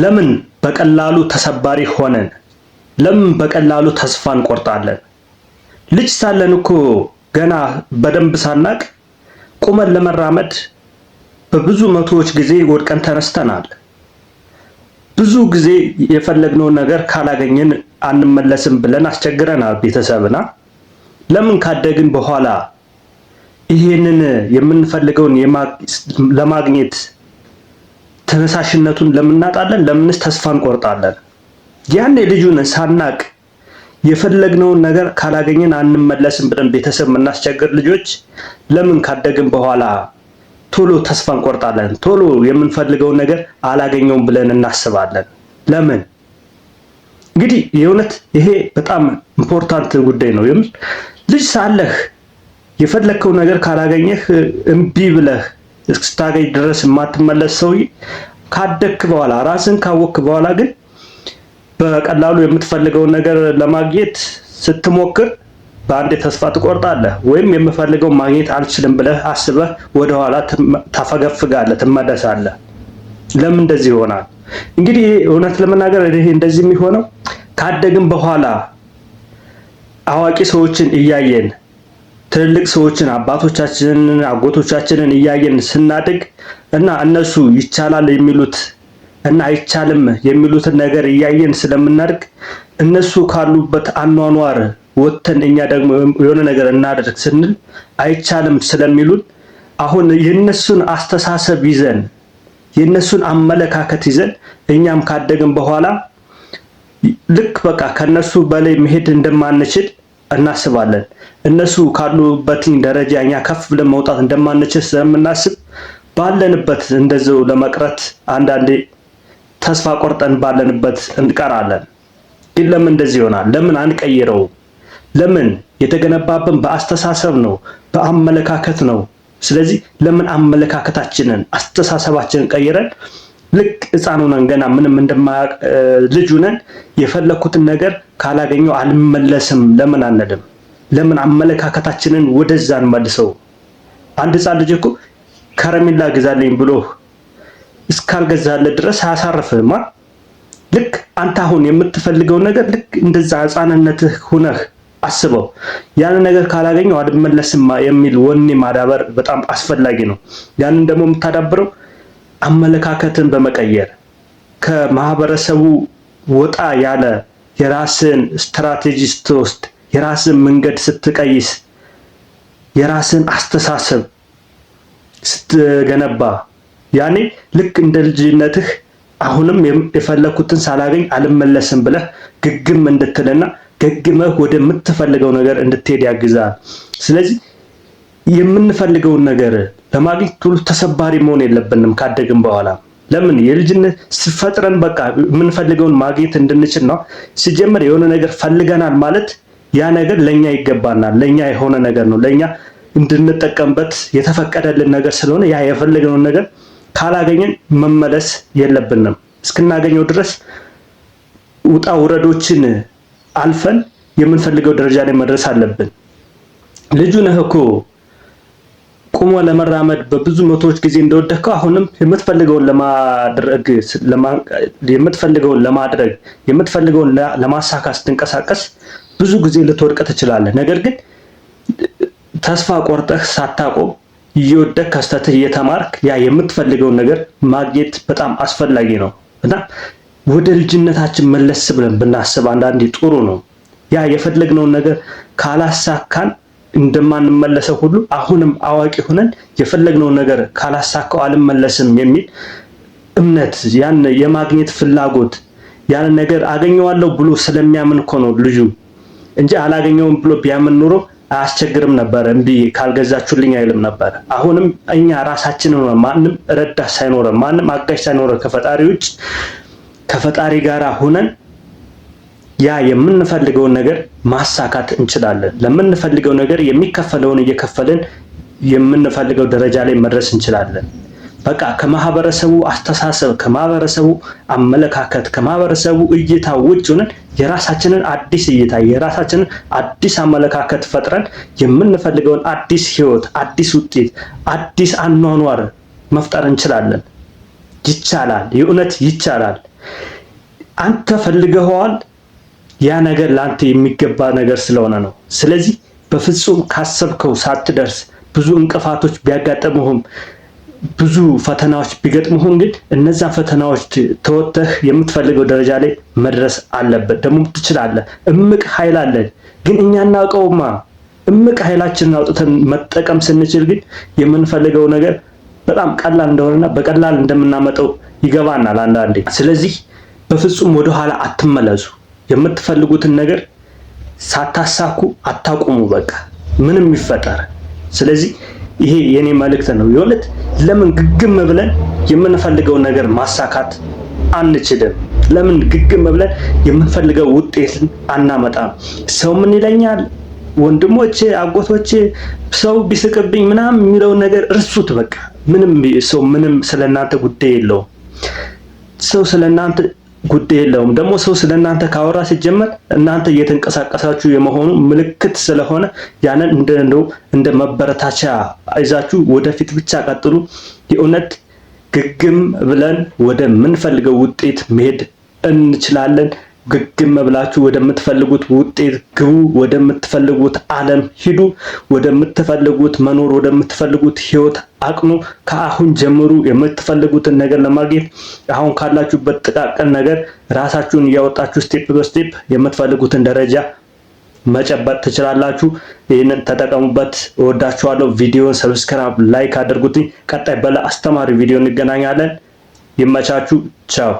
ለምን በቀላሉ ተሰባሪ ሆነን? ለምን በቀላሉ ተስፋ እንቆርጣለን? ልጅ ሳለን እኮ ገና በደንብ ሳናቅ ቁመን ለመራመድ በብዙ መቶዎች ጊዜ ወድቀን ተነስተናል። ብዙ ጊዜ የፈለግነውን ነገር ካላገኘን አንመለስም ብለን አስቸግረናል ቤተሰብና። ለምን ካደግን በኋላ ይሄንን የምንፈልገውን ለማግኘት ተነሳሽነቱን ለምናጣለን? ለምንስ ተስፋ እንቆርጣለን? ያኔ ልጁን ሳናቅ የፈለግነውን ነገር ካላገኘን አንመለስም ብለን ቤተሰብ የምናስቸግር ልጆች ለምን ካደግን በኋላ ቶሎ ተስፋ እንቆርጣለን? ቶሎ የምንፈልገውን ነገር አላገኘውም ብለን እናስባለን። ለምን? እንግዲህ የእውነት ይሄ በጣም ኢምፖርታንት ጉዳይ ነው። ልጅ ሳለህ የፈለግከው ነገር ካላገኘህ እምቢ ብለህ እስክታገኝ ድረስ የማትመለስ ሰውዬ ካደክ በኋላ ራስን ካወክ በኋላ ግን በቀላሉ የምትፈልገውን ነገር ለማግኘት ስትሞክር በአንድ ተስፋ ትቆርጣለህ። ወይም የምፈልገው ማግኘት አልችልም ብለህ አስበህ ወደኋላ ታፈገፍጋለህ፣ ትመለሳለህ። ለምን እንደዚህ ይሆናል? እንግዲህ እውነት ለመናገር ይሄ እንደዚህ የሚሆነው ካደግን በኋላ አዋቂ ሰዎችን እያየን ትልልቅ ሰዎችን አባቶቻችንን አጎቶቻችንን እያየን ስናድግ እና እነሱ ይቻላል የሚሉት እና አይቻልም የሚሉትን ነገር እያየን ስለምናድግ እነሱ ካሉበት አኗኗር ወጥተን እኛ ደግሞ የሆነ ነገር እናደርግ ስንል አይቻልም ስለሚሉን አሁን የእነሱን አስተሳሰብ ይዘን የእነሱን አመለካከት ይዘን እኛም ካደግን በኋላ ልክ በቃ ከነሱ በላይ መሄድ እንደማንችል እናስባለን። እነሱ ካሉበትኝ ደረጃ እኛ ከፍ ብለን መውጣት እንደማንችል ስለምናስብ ባለንበት እንደዚው ለመቅረት አንዳንዴ ተስፋ ቆርጠን ባለንበት እንቀራለን። ግን ለምን እንደዚህ ይሆናል? ለምን አንቀይረውም? ለምን የተገነባብን በአስተሳሰብ ነው፣ በአመለካከት ነው። ስለዚህ ለምን አመለካከታችንን አስተሳሰባችንን ቀይረን ልክ ህፃኑ ነን ገና ምንም እንደማያውቅ ልጁ ነን። የፈለኩትን ነገር ካላገኘው አልመለስም ለምን አንልም? ለምን አመለካከታችንን ወደዛ አንመልሰው? አንድ ህፃን ልጅ እኮ ከረሜላ ግዛልኝ ብሎ እስካልገዛለት ድረስ አያሳርፍህማ። ልክ አንተ አሁን የምትፈልገው ነገር ልክ እንደዛ ህፃንነትህ ሁነህ አስበው። ያንን ነገር ካላገኘው አልመለስም የሚል ወኔ ማዳበር በጣም አስፈላጊ ነው። ያንን ደግሞ የምታዳብረው አመለካከትን በመቀየር ከማህበረሰቡ ወጣ ያለ የራስን ስትራቴጂ ስትወስድ፣ የራስን መንገድ ስትቀይስ፣ የራስን አስተሳሰብ ስትገነባ ያኔ ልክ እንደ ልጅነትህ አሁንም የፈለኩትን ሳላገኝ አልመለስም ብለህ ግግም እንድትልና ገግመህ ወደምትፈልገው ነገር እንድትሄድ ያግዛል። ስለዚህ የምንፈልገውን ነገር ለማግኘት ሁሉ ተሰባሪ መሆን የለብንም ካደግን በኋላ ለምን የልጅነት ስፈጥረን በቃ የምንፈልገውን ማግኘት እንድንችል ነው። ሲጀምር የሆነ ነገር ፈልገናል ማለት ያ ነገር ለኛ ይገባናል፣ ለኛ የሆነ ነገር ነው፣ ለኛ እንድንጠቀምበት የተፈቀደልን ነገር ስለሆነ ያ የፈለግነውን ነገር ካላገኘን መመለስ የለብንም። እስክናገኘው ድረስ ውጣ ውረዶችን አልፈን የምንፈልገው ደረጃ ላይ መድረስ አለብን። ልጁ ነህ እኮ ቆሞ ለመራመድ በብዙ መቶዎች ጊዜ እንደወደከው አሁንም የምትፈልገውን ለማድረግ የምትፈልገውን ለማድረግ የምትፈልገውን ለማሳካት ስትንቀሳቀስ ብዙ ጊዜ ልትወድቅ ትችላለህ። ነገር ግን ተስፋ ቆርጠህ ሳታቆም እየወደቅ ከስተትህ እየተማርክ ያ የምትፈልገውን ነገር ማግኘት በጣም አስፈላጊ ነው እና ወደ ልጅነታችን መለስ ብለን ብናስብ አንዳንዴ ጥሩ ነው። ያ የፈለግነውን ነገር ካላሳካን እንደማንመለሰው ሁሉ አሁንም አዋቂ ሆነን የፈለግነው ነገር ካላሳካው አልመለስም የሚል እምነት ያን የማግኘት ፍላጎት ያን ነገር አገኘዋለሁ ብሎ ስለሚያምን እኮ ነው ልጁ እንጂ አላገኘውም ብሎ ቢያምን ኑሮ አያስቸግርም ነበር። እምቢ ካልገዛችሁልኝ አይልም ነበር። አሁንም እኛ ራሳችን ሆነ ማንም ረዳ ሳይኖረ ማንም አጋዥ ሳይኖረ ከፈጣሪ ውጭ ከፈጣሪ ጋር ሆነን ያ የምንፈልገውን ነገር ማሳካት እንችላለን። ለምንፈልገው ነገር የሚከፈለውን እየከፈልን የምንፈልገው ደረጃ ላይ መድረስ እንችላለን። በቃ ከማህበረሰቡ አስተሳሰብ፣ ከማህበረሰቡ አመለካከት፣ ከማህበረሰቡ እይታ ውጭ ሆነን የራሳችንን አዲስ እይታ፣ የራሳችንን አዲስ አመለካከት ፈጥረን የምንፈልገውን አዲስ ህይወት፣ አዲስ ውጤት፣ አዲስ አኗኗር መፍጠር እንችላለን። ይቻላል። የእውነት ይቻላል። አንተ ፈልገኸዋል። ያ ነገር ለአንተ የሚገባ ነገር ስለሆነ ነው። ስለዚህ በፍጹም ካሰብከው ሳትደርስ ብዙ እንቅፋቶች ቢያጋጥሙህም ብዙ ፈተናዎች ቢገጥሙህም ግን እነዛን ፈተናዎች ተወጥተህ የምትፈልገው ደረጃ ላይ መድረስ አለበት። ደግሞ ትችላለህ። እምቅ ኃይል አለን፣ ግን እኛ እናውቀውማ። እምቅ ኃይላችንን አውጥተን መጠቀም ስንችል ግን የምንፈልገው ነገር በጣም ቀላል እንደሆነና በቀላል እንደምናመጠው ይገባናል አንዳንዴ። ስለዚህ በፍጹም ወደኋላ አትመለሱ። የምትፈልጉትን ነገር ሳታሳኩ አታቁሙ። በቃ ምንም ይፈጠር። ስለዚህ ይሄ የኔ መልእክት ነው። የእውነት ለምን ግግም ብለን የምንፈልገውን ነገር ማሳካት አንችልም? ለምን ግግም ብለን የምንፈልገው ውጤትን አናመጣም? ሰው ምን ይለኛል፣ ወንድሞች፣ አጎቶች፣ ሰው ቢስቅብኝ ምናምን የሚለውን ነገር እርሱት። በቃ ምንም ሰው ምንም ስለእናንተ ጉዳይ የለውም። ሰው ስለእናንተ ጉዳይ የለውም። ደግሞ ሰው ስለ እናንተ ካወራ ሲጀመር እናንተ እየተንቀሳቀሳችሁ የመሆኑ ምልክት ስለሆነ ያንን እንደው እንደ መበረታቻ ይዛችሁ ወደፊት ብቻ ቀጥሉ። የእውነት ግግም ብለን ወደ ምንፈልገው ውጤት መሄድ እንችላለን። ግግም ብላችሁ ወደምትፈልጉት ውጤት ግቡ፣ ወደምትፈልጉት ዓለም ሂዱ፣ ወደምትፈልጉት መኖር፣ ወደምትፈልጉት ህይወት አቅኑ። ከአሁን ጀምሩ። የምትፈልጉትን ነገር ለማግኘት አሁን ካላችሁበት ጥቃቅን ነገር ራሳችሁን እያወጣችሁ ስቴፕ በስቴፕ የምትፈልጉትን ደረጃ መጨበጥ ትችላላችሁ። ይህንን ተጠቀሙበት። እወዳችኋለሁ። ቪዲዮን ሰብስክራይብ፣ ላይክ አድርጉትኝ። ቀጣይ በላ አስተማሪ ቪዲዮ እንገናኛለን። ይመቻችሁ። ቻው